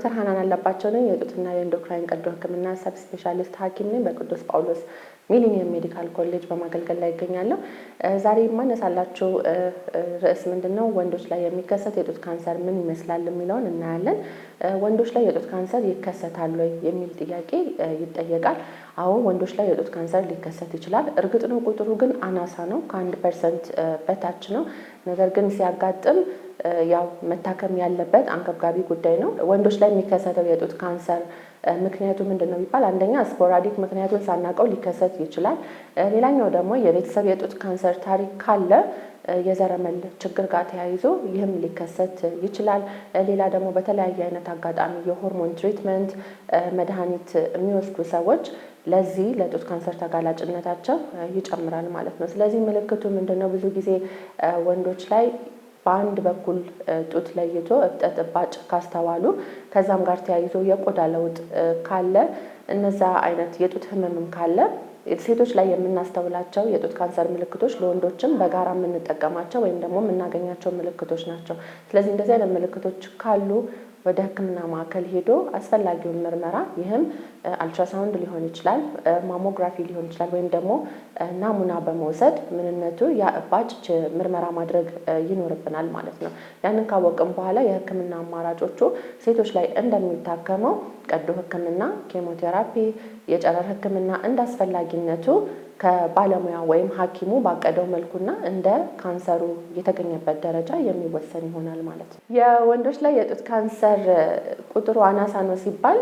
ዶክተር ሀናን አለባቸው ነኝ። የጡትና የኢንዶክራይን ቀዶ ሕክምና ሰብ ስፔሻሊስት ሐኪም ነኝ። በቅዱስ ጳውሎስ ሚሊኒየም ሜዲካል ኮሌጅ በማገልገል ላይ ይገኛለሁ። ዛሬ የማነሳላችሁ ርዕስ ምንድን ነው? ወንዶች ላይ የሚከሰት የጡት ካንሰር ምን ይመስላል የሚለውን እናያለን። ወንዶች ላይ የጡት ካንሰር ይከሰታል ወይ የሚል ጥያቄ ይጠየቃል። አዎ ወንዶች ላይ የጡት ካንሰር ሊከሰት ይችላል። እርግጥ ነው ቁጥሩ ግን አናሳ ነው፣ ከአንድ ፐርሰንት በታች ነው። ነገር ግን ሲያጋጥም ያው መታከም ያለበት አንገብጋቢ ጉዳይ ነው። ወንዶች ላይ የሚከሰተው የጡት ካንሰር ምክንያቱ ምንድን ነው ቢባል አንደኛ ስፖራዲክ ምክንያቱን ሳናውቀው ሊከሰት ይችላል። ሌላኛው ደግሞ የቤተሰብ የጡት ካንሰር ታሪክ ካለ የዘረመል ችግር ጋር ተያይዞ ይህም ሊከሰት ይችላል። ሌላ ደግሞ በተለያየ አይነት አጋጣሚ የሆርሞን ትሪትመንት መድኃኒት የሚወስዱ ሰዎች ለዚህ ለጡት ካንሰር ተጋላጭነታቸው ይጨምራል ማለት ነው። ስለዚህ ምልክቱ ምንድን ነው? ብዙ ጊዜ ወንዶች ላይ በአንድ በኩል ጡት ለይቶ እብጠት እባጭ ካስተዋሉ ከዛም ጋር ተያይዞ የቆዳ ለውጥ ካለ እነዛ አይነት የጡት ህመምም ካለ ሴቶች ላይ የምናስተውላቸው የጡት ካንሰር ምልክቶች ለወንዶችም በጋራ የምንጠቀማቸው ወይም ደግሞ የምናገኛቸው ምልክቶች ናቸው። ስለዚህ እንደዚህ አይነት ምልክቶች ካሉ ወደ ሕክምና ማዕከል ሄዶ አስፈላጊውን ምርመራ ይህም አልትራሳውንድ ሊሆን ይችላል፣ ማሞግራፊ ሊሆን ይችላል፣ ወይም ደግሞ ናሙና በመውሰድ ምንነቱ ያ እባጭ ምርመራ ማድረግ ይኖርብናል ማለት ነው። ያንን ካወቅም በኋላ የሕክምና አማራጮቹ ሴቶች ላይ እንደሚታከመው ቀዶ ሕክምና፣ ኬሞቴራፒ፣ የጨረር ሕክምና እንደ አስፈላጊነቱ ከባለሙያ ወይም ሐኪሙ ባቀደው መልኩና እንደ ካንሰሩ የተገኘበት ደረጃ የሚወሰን ይሆናል ማለት ነው። የወንዶች ላይ የጡት ካንሰር ዘር ቁጥሩ አናሳ ነው ሲባል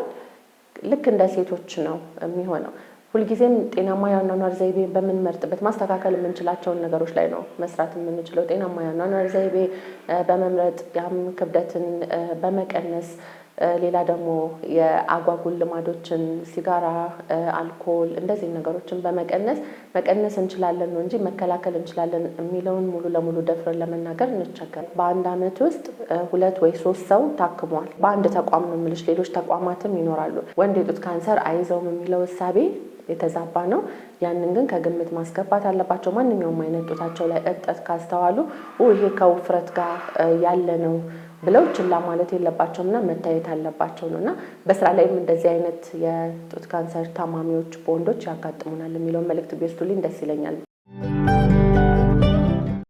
ልክ እንደ ሴቶች ነው የሚሆነው። ሁልጊዜም ጤናማ የአኗኗር ዘይቤ በምንመርጥበት ማስተካከል የምንችላቸውን ነገሮች ላይ ነው መስራት የምንችለው። ጤናማ የአኗኗር ዘይቤ በመምረጥ ያም ክብደትን በመቀነስ ሌላ ደግሞ የአጓጉል ልማዶችን ሲጋራ፣ አልኮል እንደዚህ ነገሮችን በመቀነስ መቀነስ እንችላለን ነው እንጂ መከላከል እንችላለን የሚለውን ሙሉ ለሙሉ ደፍረን ለመናገር እንቸገር። በአንድ አመት ውስጥ ሁለት ወይ ሶስት ሰው ታክሟል በአንድ ተቋም ነው የምልሽ። ሌሎች ተቋማትም ይኖራሉ። ወንድ የጡት ካንሰር አይዘውም የሚለው እሳቤ የተዛባ ነው። ያንን ግን ከግምት ማስገባት አለባቸው። ማንኛውም አይነት ጡታቸው ላይ እብጠት ካስተዋሉ ይሄ ከውፍረት ጋር ያለ ነው ብለው ችላ ማለት የለባቸውም እና መታየት አለባቸው ነው እና በስራ ላይም እንደዚህ አይነት የጡት ካንሰር ታማሚዎች በወንዶች ያጋጥሙናል የሚለውን መልእክት ቢወስዱልኝ ደስ ይለኛል።